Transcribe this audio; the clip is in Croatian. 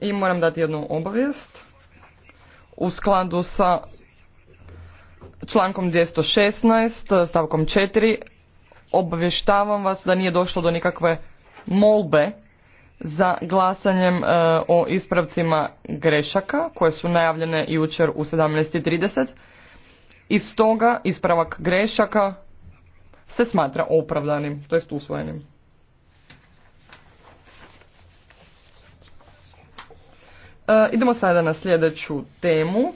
I moram dati jednu obavijest. U skladu sa člankom 216 stavkom 4 obavještavam vas da nije došlo do nikakve molbe za glasanjem e, o ispravcima grešaka koje su najavljene jučer u 17.30. I stoga ispravak grešaka se smatra opravdanim, to jest usvojenim. E, idemo sada na sljedeću temu.